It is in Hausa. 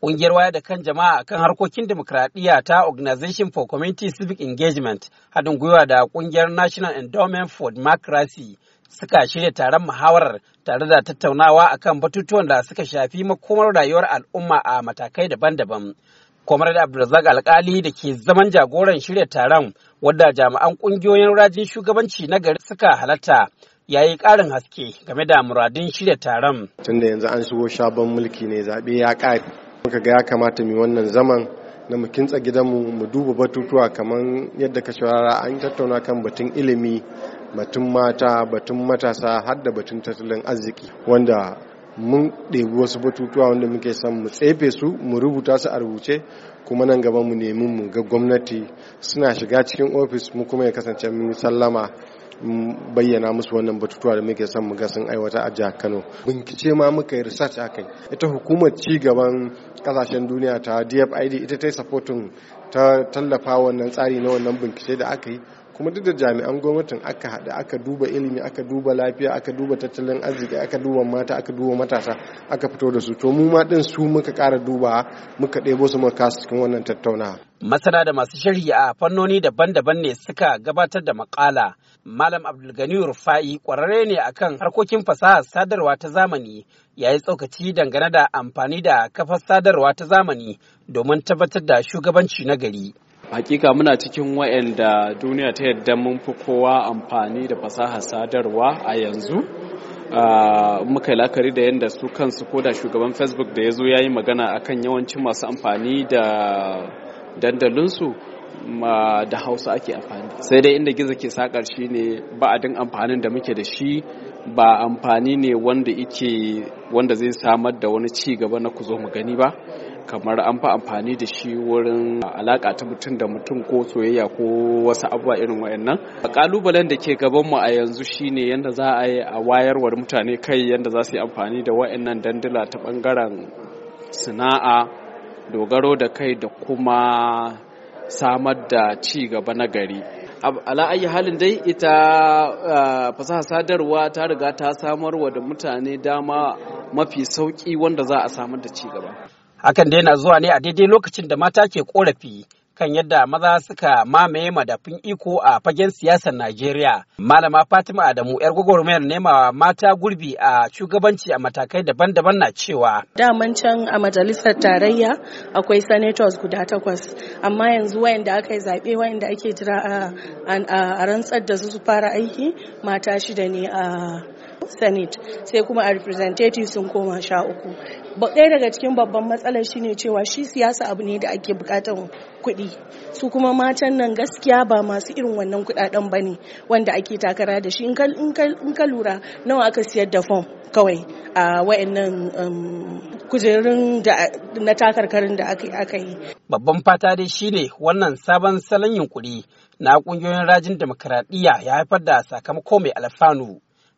Ƙungiyar waya da kan jama'a kan harkokin demokradiyya ta Organization for Community Civic Engagement haɗin gwiwa da ƙungiyar National Endowment for Democracy suka shirya taron muhawarar tare da tattaunawa akan batutuwan da suka shafi makomar rayuwar al'umma a matakai daban-daban. Kwamar da Abdulrazak Alkali da ke zaman jagoran shirya taron wadda jami'an ƙungiyoyin rajin shugabanci na gari suka halatta ya yi ƙarin haske game da muradin shirya taron. Tunda yanzu an shigo sabon mulki ne zaɓe ya ƙare muka ga ya kamata mu wannan zaman na mu kintsa gidanmu mu duba batutuwa kamar yadda ka shawara an tattauna kan batun ilimi batun mata batun matasa har da batun tattalin arziki wanda mun ɗebi wasu batutuwa wanda muke son mu tsefe su mu rubuta su a rubuce kuma nan gaba mu nemi mu ga gwamnati suna shiga cikin ofis mu kuma ya kasance mun sallama bayyana musu wannan batutuwa da muke son ga sun aiwata a jihar Kano. Bincike ma muka yi research akai. Ita hukumar ci gaban kasashen duniya ta DFID ita ta yi supporting ta tallafa wannan tsari na wannan bincike da aka yi kuma duk da jami'an gwamnatin aka haɗa aka duba ilimi aka duba lafiya aka duba tattalin arziki aka duba mata aka duba matasa aka fito da su to mu ma din su muka ƙara duba muka ɗebo su muka kasu cikin wannan tattaunawa masana da masu sharhi a fannoni daban-daban ne suka gabatar da makala malam abdulgani rufa'i ƙwararre ne akan harkokin fasaha sadarwa ta zamani ya yi tsokaci dangane da amfani da kafar sadarwa ta zamani domin tabbatar da shugabanci na gari hakika muna cikin wayanda duniya ta yadda mun fi kowa amfani da fasaha sadarwa a yanzu ah, muka lakari da yadda su kansu ko da shugaban facebook da ya zo ya yi magana akan yawancin masu amfani da dandalinsu ma da hausa ake amfani sai dai inda gizo ke sakar shi ne ba'adin amfanin da muke da shi ba amfani ne wanda ike wanda zai samar da wani ci gaba na ku zo mu gani ba kamar an fi amfani da shi wurin alaka ta mutum da mutum ko soyayya ko wasu abubuwa irin wayannan kalubalen da ke gabanmu a yanzu shine yadda za a yi a wayarwar mutane kai yadda za su yi amfani da wayannan dandula ta bangaren sana'a dogaro da kai da kuma samar da ci gaba na gari ala'ayi halin dai ita fasaha sadarwa ta riga ta samar wa da mutane dama mafi sauƙi wanda za a samar da ci gaba hakan dai na zuwa ne a daidai lokacin da mata ke korafi kan yadda maza suka mamaye madafin iko a fagen siyasar Najeriya. Malama Fatima Adamu yar gwagwarmayar nema mata gurbi a shugabanci a matakai daban-daban na cewa. Daman can a majalisar tarayya akwai senators guda takwas amma yanzu wayanda aka yi zaɓe wayanda ake jira a rantsar da su fara aiki mata shida ne a senate sai kuma a representative sun koma sha uku ɗaya daga cikin babban matsalar shine cewa shi siyasa abu ne da ake bukatar kuɗi su kuma matan nan gaskiya ba masu irin wannan kuɗaɗen ba ne wanda ake takara da shi in ka lura nawa aka siyar da fom kawai a wayannan um, kujerun na takarkarin da aka yi babban fata dai shine wannan sabon salon yunkuri na ƙungiyoyin rajin demokaradiyya ya haifar da sakamako mai alfanu